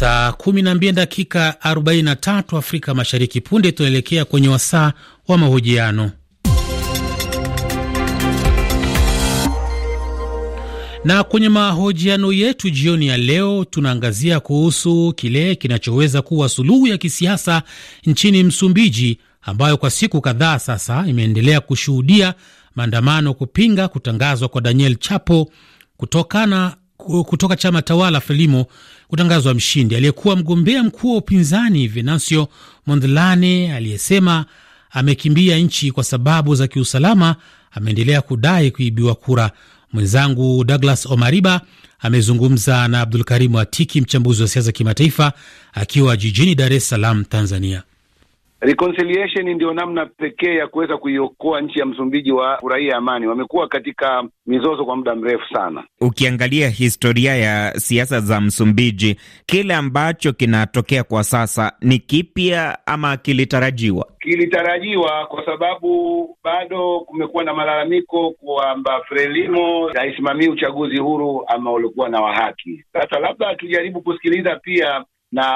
Saa 12 dakika 43 Afrika Mashariki. Punde tunaelekea kwenye wasaa wa mahojiano na kwenye mahojiano yetu jioni ya leo tunaangazia kuhusu kile kinachoweza kuwa suluhu ya kisiasa nchini Msumbiji, ambayo kwa siku kadhaa sasa imeendelea kushuhudia maandamano kupinga kutangazwa kwa Daniel Chapo kutokana kutoka chama tawala Frelimo kutangazwa mshindi, aliyekuwa mgombea mkuu wa upinzani Venancio Mondlane aliyesema amekimbia nchi kwa sababu za kiusalama, ameendelea kudai kuibiwa kura. Mwenzangu Douglas Omariba amezungumza na Abdul Karimu Atiki, mchambuzi wa siasa kimataifa, akiwa jijini Dar es Salaam, Tanzania. Reconciliation ndio namna pekee ya kuweza kuiokoa nchi ya Msumbiji wa furahia amani. Wamekuwa katika mizozo kwa muda mrefu sana. Ukiangalia historia ya siasa za Msumbiji, kile ambacho kinatokea kwa sasa ni kipya ama kilitarajiwa? Kilitarajiwa kwa sababu bado kumekuwa na malalamiko kwamba Frelimo haisimamii uchaguzi huru ama ulikuwa na wa haki. Sasa labda tujaribu kusikiliza pia na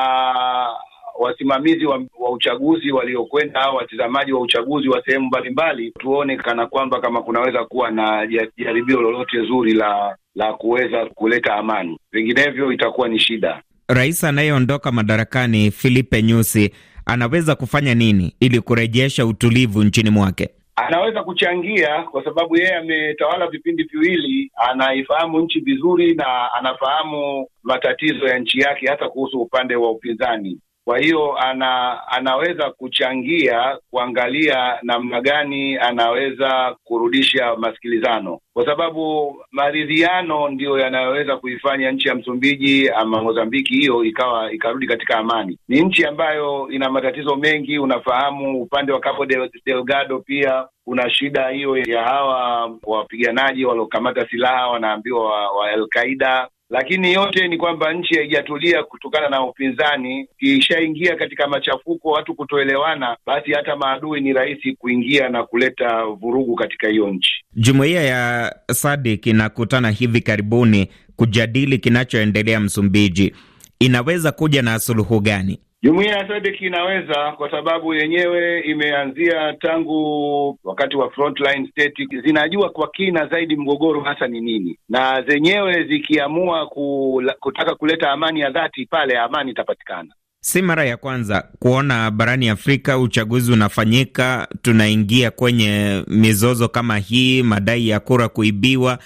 wasimamizi wa, wa uchaguzi waliokwenda au watizamaji wa uchaguzi wa sehemu mbalimbali, tuone kana kwamba kama kunaweza kuwa na jaribio lolote zuri la la kuweza kuleta amani, vinginevyo itakuwa ni shida. Rais anayeondoka madarakani Filipe Nyusi anaweza kufanya nini ili kurejesha utulivu nchini mwake? Anaweza kuchangia kwa sababu yeye ametawala vipindi viwili, anaifahamu nchi vizuri na anafahamu matatizo ya nchi yake, hata kuhusu upande wa upinzani. Kwa hiyo ana, anaweza kuchangia kuangalia namna gani anaweza kurudisha masikilizano, kwa sababu maridhiano ndiyo yanayoweza kuifanya nchi ya Msumbiji ama Mozambiki hiyo ikawa ikarudi katika amani. Ni nchi ambayo ina matatizo mengi, unafahamu upande wa Cabo Delgado pia kuna shida hiyo ya hawa wapiganaji waliokamata silaha wanaambiwa wa, wa al lakini yote ni kwamba nchi haijatulia kutokana na upinzani. Ikishaingia katika machafuko, watu kutoelewana, basi hata maadui ni rahisi kuingia na kuleta vurugu katika hiyo nchi. Jumuiya ya SADC inakutana hivi karibuni kujadili kinachoendelea Msumbiji. Inaweza kuja na suluhu gani? Jumuiya ya SADC inaweza kwa sababu yenyewe imeanzia tangu wakati wa frontline state, zinajua kwa kina zaidi mgogoro hasa ni nini, na zenyewe zikiamua kula, kutaka kuleta amani ya dhati pale, amani itapatikana. Si mara ya kwanza kuona barani Afrika uchaguzi unafanyika, tunaingia kwenye mizozo kama hii, madai ya kura kuibiwa.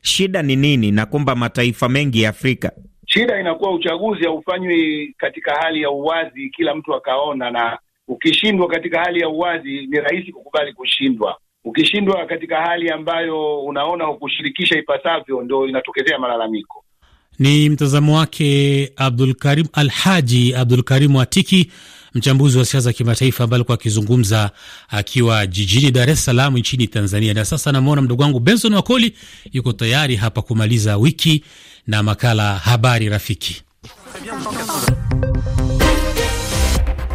Shida ni nini na kumba mataifa mengi ya Afrika Shida inakuwa uchaguzi haufanywi katika hali ya uwazi, kila mtu akaona, na ukishindwa katika hali ya uwazi ni rahisi kukubali kushindwa. Ukishindwa katika hali ambayo unaona hukushirikisha ipasavyo, ndo inatokezea malalamiko. Ni mtazamo wake Abdulkarim Alhaji Abdulkarim watiki mchambuzi wa siasa kimataifa, ambaye alikuwa akizungumza akiwa jijini Dar es Salaam nchini Tanzania. Na sasa namwona mdogo wangu Benson Wakoli yuko tayari hapa kumaliza wiki na makala Habari Rafiki.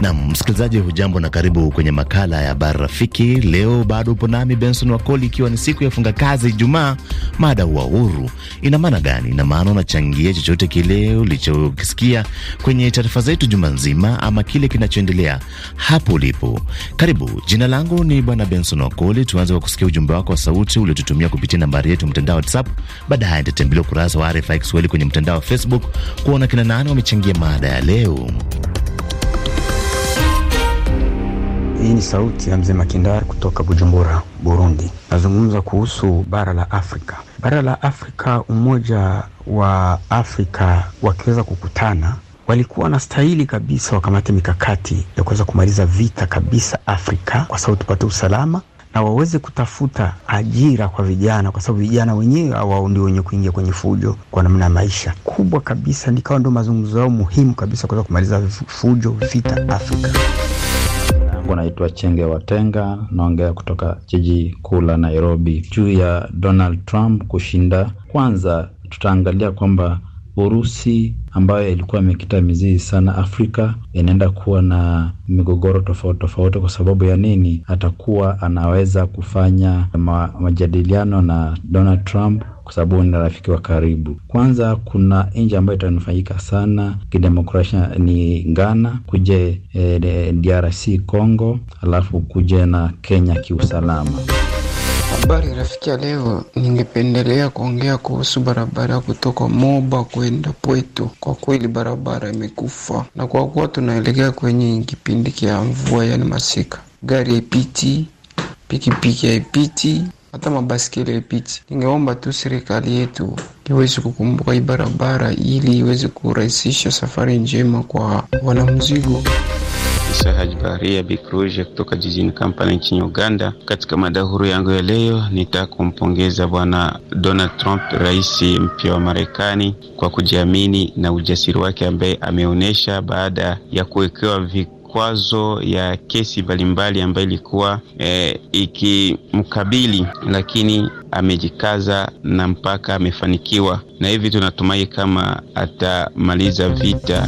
Nam msikilizaji, hujambo na karibu kwenye makala ya habari rafiki. Leo bado upo nami Benson Wakoli, ikiwa ni siku ya funga kazi Ijumaa. Mada huwa huru ina maana gani? Ina maana unachangia chochote kile ulichokisikia kwenye taarifa zetu juma nzima, ama kile kinachoendelea hapo ulipo. Karibu, jina langu ni bwana Benson Wakoli. Tuanze kwa kusikia ujumbe wako wa sauti uliotutumia kupitia nambari yetu mtandao WhatsApp. Baadaye nitatembelea ukurasa wa RFI Kiswahili kwenye mtandao wa Facebook kuona kina nani wamechangia mada ya leo. Hii ni sauti ya mzee makindar kutoka Bujumbura, Burundi. Nazungumza kuhusu bara la Afrika. Bara la Afrika, Umoja wa Afrika wakiweza kukutana walikuwa wanastahili kabisa wakamate mikakati ya kuweza kumaliza vita kabisa Afrika, kwa sababu tupate usalama na waweze kutafuta ajira kwa vijana, kwa sababu vijana wenyewe hawao ndio wenye kuingia kwenye fujo kwa namna ya maisha kubwa kabisa. Nikawa ndio mazungumzo yao muhimu kabisa kuweza kumaliza fujo, vita Afrika hapo naitwa Chenge Watenga, naongea kutoka jiji kuu la Nairobi. Juu ya Donald Trump kushinda, kwanza tutaangalia kwamba Urusi ambayo ilikuwa imekita mizizi sana Afrika inaenda kuwa na migogoro tofauti tofauti. Kwa sababu ya nini? Atakuwa anaweza kufanya ma, majadiliano na Donald Trump kwa sababu ni rafiki wa karibu. Kwanza kuna nchi ambayo itanufaika sana kidemokrasia ni Ghana, kuje eh, DRC Congo, alafu kuje na Kenya kiusalama. Habari rafiki ya leo, ningependelea kuongea kuhusu barabara kutoka Moba kwenda Pweto. Kwa kweli barabara imekufa, na kwa kuwa tunaelekea kwenye kipindi kya mvua, yani masika, gari haipiti, pikipiki haipiti, hata mabasikeli haipiti. Ningeomba tu serikali yetu iweze kukumbuka hii barabara ili iweze kurahisisha safari njema kwa wanamzigo. Musa Baharia Bikruja kutoka jijini Kampala nchini Uganda. Katika mada huru yangu ya leo, nitaka kumpongeza Bwana Donald Trump, rais mpya wa Marekani, kwa kujiamini na ujasiri wake ambaye ameonyesha baada ya kuwekewa kwazo ya kesi mbalimbali ambayo ilikuwa e, ikimkabili, lakini amejikaza na mpaka amefanikiwa, na hivi tunatumai kama atamaliza vita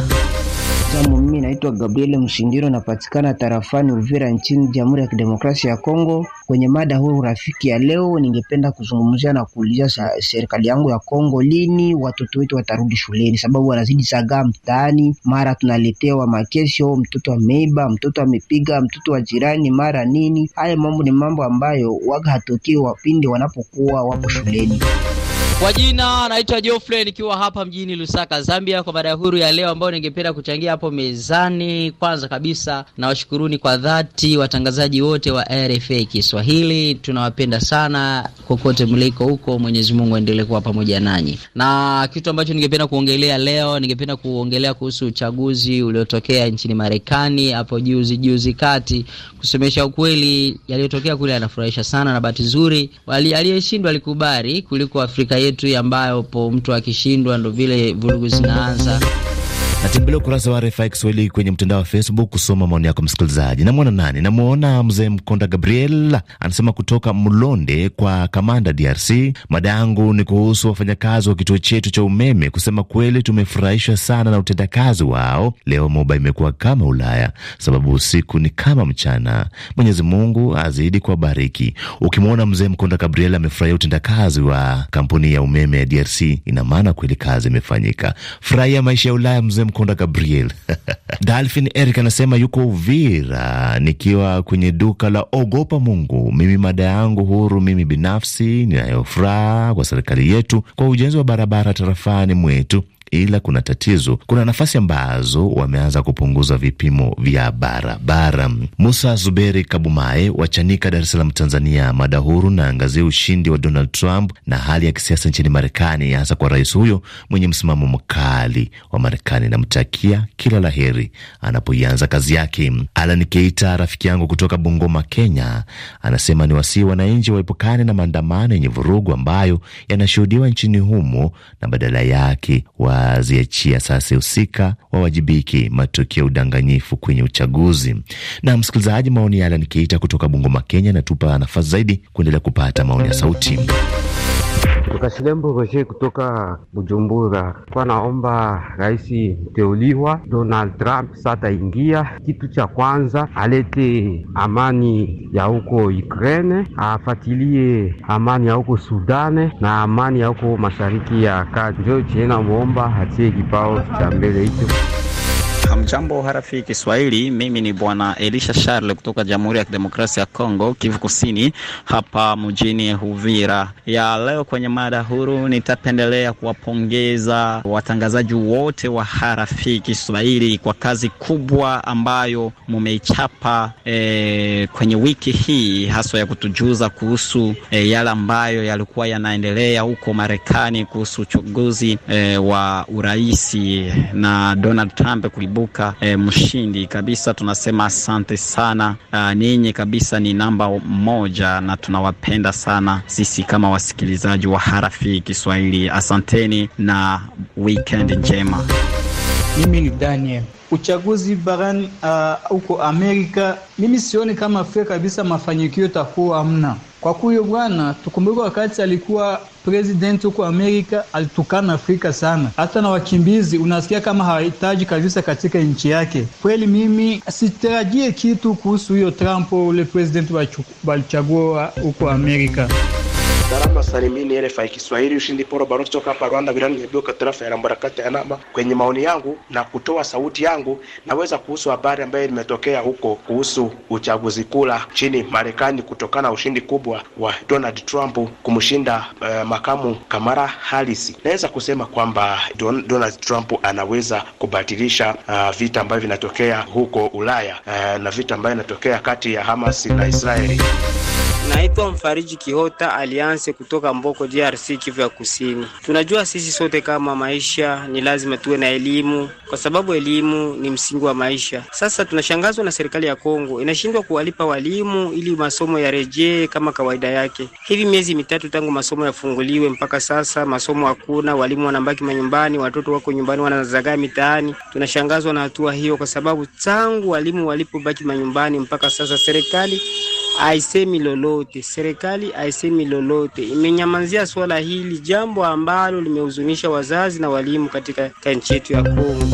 jambo mimi naitwa Gabriel Mshindiro, napatikana tarafani Uvira nchini Jamhuri ya Kidemokrasia ya Kongo. Kwenye mada huu rafiki ya leo, ningependa kuzungumzia na kuuliza serikali yangu ya Kongo, lini watoto wetu watarudi shuleni? Sababu wanazidi sagaa mtaani, mara tunaletewa makesho, mtoto ameiba, mtoto amepiga, mtoto wa jirani, mara nini. Haya mambo ni mambo ambayo waga hatokee wapindi wanapokuwa wapo shuleni. Kwa jina naitwa Geoffrey nikiwa hapa mjini Lusaka, Zambia, kwa mada huru ya leo ambayo ningependa kuchangia hapo mezani. Kwanza kabisa nawashukuruni kwa dhati watangazaji wote wa RFA Kiswahili, tunawapenda sana kokote mliko huko. Mwenyezi Mungu aendelee kuwa pamoja nanyi. Na kitu ambacho ningependa kuongelea leo, ningependa kuongelea kuhusu uchaguzi uliotokea nchini Marekani hapo juzi juzi kati. Kusemesha ukweli, yaliyotokea kule yanafurahisha sana, na bahati nzuri aliyeshindwa alikubali kuliko Afrika yetu yetu ambayo po mtu akishindwa ndo vile vurugu zinaanza. Natembelea ukurasa wa RFI Kiswahili kwenye mtandao wa Facebook kusoma maoni yako msikilizaji. Namwona nani? Namwona mzee Mkonda Gabriel anasema kutoka Mlonde kwa Kamanda, DRC. Mada yangu ni kuhusu wafanyakazi wa kituo chetu cha umeme. Kusema kweli, tumefurahishwa sana na utendakazi wao. Leo Moba imekuwa kama Ulaya, sababu usiku ni kama mchana. Mwenyezi Mungu azidi kuwabariki. Ukimwona mzee Mkonda Gabriel amefurahia utendakazi wa kampuni ya umeme ya DRC, ina maana kweli kazi imefanyika. Furahia maisha ya Ulaya mzee Mkonda Gabriel Dalfin Eric anasema yuko Uvira, nikiwa kwenye duka la ogopa Mungu. Mimi mada yangu huru, mimi binafsi ninayofuraha kwa serikali yetu kwa ujenzi wa barabara tarafani mwetu ila kuna tatizo, kuna nafasi ambazo wameanza kupunguza vipimo vya barabara. Musa Zuberi Kabumae wachanika Dar es Salaam, Tanzania, mada huru na angazia ushindi wa Donald Trump na hali ya kisiasa nchini Marekani, hasa kwa rais huyo mwenye msimamo mkali wa Marekani. Namtakia kila la heri anapoianza kazi yake. Alan Keita, rafiki yangu kutoka Bungoma, Kenya, anasema ni wasii wananchi waepukane na maandamano yenye vurugu ambayo yanashuhudiwa nchini humo na badala yake wa wataziachia sasa husika wawajibiki matokeo ya udanganyifu kwenye uchaguzi. Na msikilizaji, maoni yale nikiita kutoka Bungoma, Kenya, natupa nafasi zaidi kuendelea kupata maoni ya sauti. Kashilembo Roger kutoka Bujumbura, kwa naomba rais mteuliwa Donald Trump sataingia ingia, kitu cha kwanza alete amani ya huko Ukraine, afatilie amani ya huko sudani na amani ya huko mashariki ya kati, ndio chena muomba hatie kipao cha mbele hicho. Hamjambo harafi Kiswahili, mimi ni bwana Elisha Charles kutoka Jamhuri ya Kidemokrasia ya Kongo, Kivu Kusini, hapa mjini Huvira. Ya leo kwenye mada huru, nitapendelea kuwapongeza watangazaji wote wa harafi Kiswahili kwa kazi kubwa ambayo mumeichapa e, kwenye wiki hii haswa ya kutujuza kuhusu e, yale ambayo yalikuwa yanaendelea huko Marekani kuhusu uchaguzi e, wa uraisi na Donald Trump kulibu kuibuka e, eh, mshindi kabisa. Tunasema asante sana ah, ninyi, kabisa ni namba moja, na tunawapenda sana sisi kama wasikilizaji wa harafi Kiswahili. Asanteni na weekend njema. Mimi ni Daniel uchaguzi barani uh, huko uh, Amerika, mimi sioni kama fea kabisa mafanikio takuwa amna Kwa kuyo bwana, tukumbuke wakati alikuwa president huko Amerika alitukana Afrika sana, hata na wakimbizi unasikia kama hawahitaji kabisa katika nchi yake. Kweli mimi sitarajie kitu kuhusu hiyo Trump, ule president walichagua huko Amerika. Darama salimini RFI Kiswahili, ushindi poro baro kutoka hapa Rwanda, wilani Nyebioka, tarafa ya Rambarakate ya Nama. Kwenye maoni yangu na kutoa sauti yangu, naweza kuhusu habari ambayo imetokea huko kuhusu uchaguzi kula chini Marekani, kutokana na ushindi kubwa wa Donald Trump kumshinda uh, makamu Kamala Harris. Naweza kusema kwamba Don, Donald Trump anaweza kubatilisha uh, vita ambavyo vinatokea huko Ulaya uh, na vita ambayo inatokea kati ya Hamas na Israeli. Naitwa Mfariji Kihota Alianse kutoka Mboko, DRC, Kivu ya Kusini. Tunajua sisi sote kama maisha ni lazima tuwe na elimu, kwa sababu elimu ni msingi wa maisha. Sasa tunashangazwa na serikali ya Kongo inashindwa kuwalipa walimu ili masomo yarejee kama kawaida yake. Hivi miezi mitatu tangu masomo yafunguliwe mpaka sasa masomo hakuna, walimu wanabaki manyumbani, watoto wako nyumbani wanazagaa mitaani. Tunashangazwa na hatua hiyo, kwa sababu tangu walimu walipobaki manyumbani mpaka sasa serikali haisemi lolote, serikali haisemi lolote, imenyamazia swala hili, jambo ambalo limehuzunisha wazazi na walimu katika nchi yetu ya Kongo.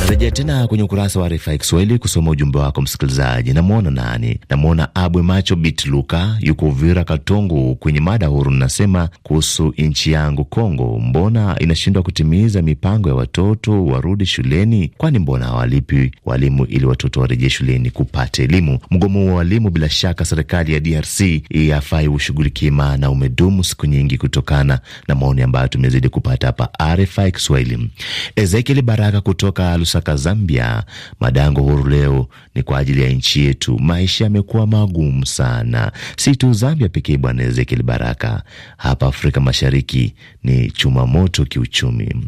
Narejea tena kwenye ukurasa wa RFI Kiswahili kusoma ujumbe wako msikilizaji. Namwona nani? Namwona Abwe Macho Bit Luka, yuko Uvira Katongo, kwenye mada huru. Nasema kuhusu nchi yangu Kongo, mbona inashindwa kutimiza mipango ya watoto warudi shuleni? Kwani mbona hawalipi walimu ili watoto warejee shuleni kupata elimu? Mgomo wa walimu, bila shaka serikali ya DRC yafai ushughulikie, maana umedumu siku nyingi, kutokana na maoni ambayo tumezidi kupata hapa RFI Kiswahili. Ezekiel Baraka kutoka Lusaka, Zambia. Madango huru leo ni kwa ajili ya nchi yetu, maisha yamekuwa magumu sana, si tu Zambia pekee. Bwana Ezekiel Baraka, hapa Afrika Mashariki ni chuma moto kiuchumi.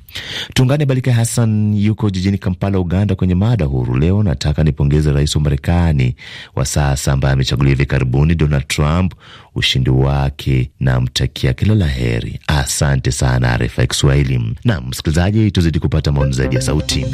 Tungane Balika Hassan yuko jijini Kampala, Uganda, kwenye mada huru leo. Nataka nipongeze rais wa Marekani wa sasa ambaye amechaguliwa hivi karibuni, Donald Trump, ushindi wake na mtakia kila la heri. Asante sana RFI Kiswahili na msikilizaji, tuzidi kupata maoni zaidi ya sauti.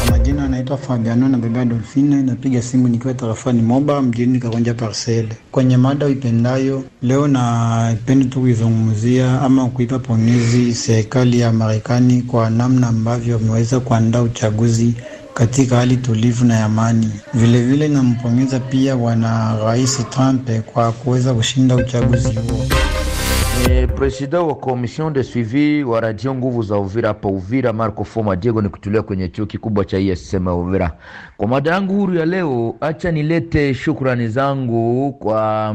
Kwa majina anaitwa Fabiano na bebea Dolfine, napiga simu nikiwa tarafani Moba mjini Karonja Parcele, kwenye mada uipendayo leo. Napenda tu kuizungumzia ama kuipa pongezi serikali ya Marekani kwa namna ambavyo wameweza kuandaa uchaguzi katika hali tulivu na amani. Vilevile nampongeza pia bwana Rais Trump kwa kuweza kushinda uchaguzi huo. President wa Commission de Suivi wa Radio Nguvu za Uvira hapa Uvira, Marco Foma Diego, kutulia kwenye chuo kikubwa cha ISM e Uvira. Kwa mada yangu huru ya leo, acha nilete shukrani zangu kwa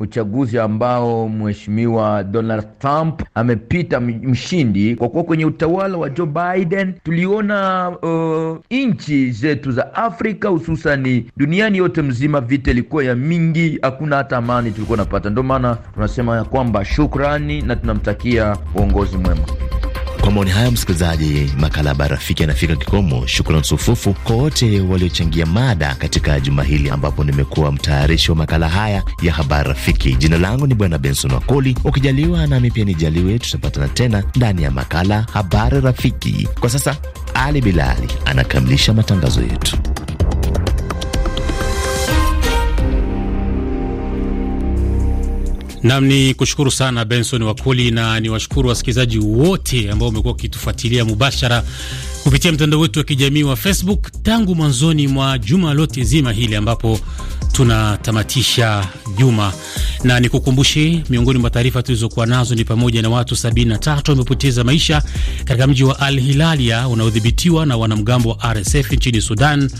uchaguzi ambao mheshimiwa Donald Trump amepita mshindi, kwa kuwa kwenye utawala wa Joe Biden tuliona uh, nchi zetu za Afrika hususani duniani yote mzima vita ilikuwa ya mingi, hakuna hata amani tulikuwa napata. Ndio maana tunasema ya kwamba shukrani na tunamtakia uongozi mwema maoni hayo, msikilizaji, makala ya Habari Rafiki yanafika kikomo. Shukran sufufu kwa wote waliochangia mada katika juma hili, ambapo nimekuwa mtayarishi wa makala haya ya Habari Rafiki. Jina langu ni Bwana Benson Wakoli. Ukijaliwa nami pia nijaliwe, tutapatana tena ndani ya makala Habari Rafiki. Kwa sasa, Ali Bilali anakamilisha matangazo yetu. Nam ni kushukuru sana Benson Wakoli na ni washukuru wasikilizaji wote ambao wamekuwa wakitufuatilia mubashara kupitia mtandao wetu wa kijamii wa Facebook tangu mwanzoni mwa juma lote zima hili ambapo tunatamatisha juma na nikukumbushe, miongoni mwa taarifa tulizokuwa nazo ni pamoja na watu 73 wamepoteza maisha katika mji wa Al Hilalia unaodhibitiwa na wanamgambo wa RSF nchini Sudan,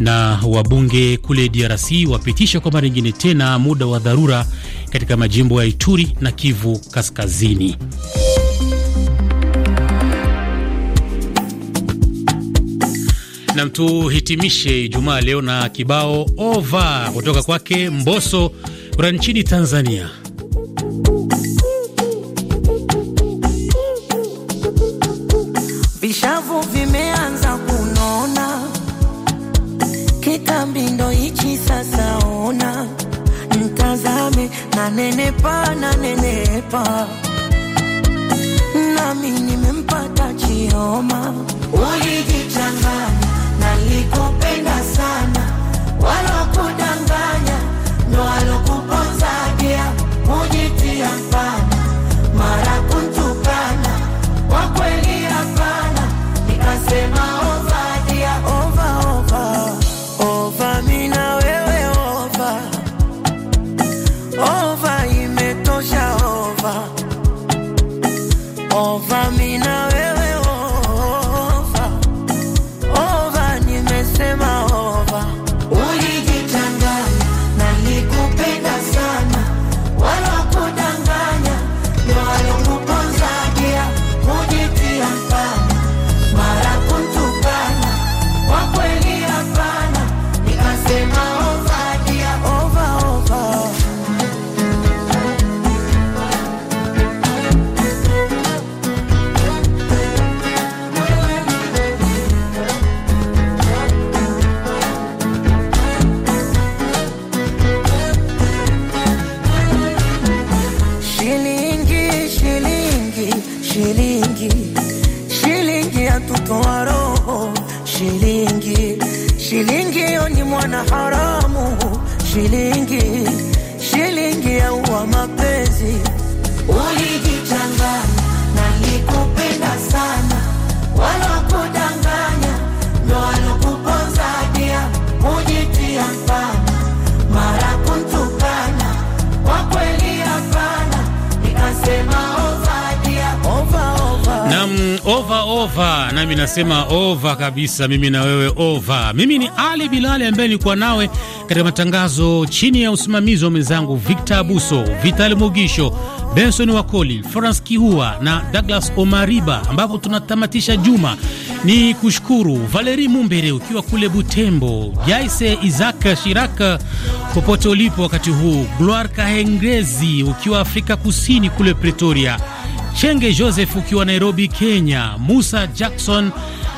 na wabunge kule DRC wapitisha kwa mara nyingine tena muda wa dharura katika majimbo ya Ituri na Kivu Kaskazini. Nam, tuhitimishe Ijumaa leo na kibao ova kutoka kwake mboso kura nchini Tanzania. Vishavu vimeanza kunona kitambi, ndo hichi sasa. Ona mtazame, nanenepa nanenepa, nami nimempata Chioma, ulijichanganya walikupenda sana, walokudanganya kudanganya, ndo walokuponza nami nasema ova kabisa, mimi na wewe ova. Mimi ni Ali Bilali ambaye nilikuwa nawe katika matangazo chini ya usimamizi wa mwenzangu Victor Abuso, Vital Mugisho, Benson Wakoli, Florence Kihua na Douglas Omariba, ambapo tunatamatisha juma. Ni kushukuru Valeri Mumbere ukiwa kule Butembo, Jaise isak Shiraka popote ulipo wakati huu, Gloire Kahengrezi ukiwa Afrika Kusini kule Pretoria Chenge Joseph ukiwa Nairobi, Kenya, Musa Jackson,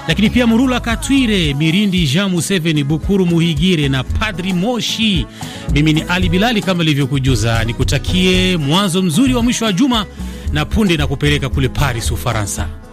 lakini pia Murula Katwire, Mirindi Jean Museveni, Bukuru Muhigire na Padri Moshi. Mimi ni Ali Bilali, kama ilivyokujuza, nikutakie mwanzo mzuri wa mwisho wa juma na punde na kupeleka kule Paris, Ufaransa.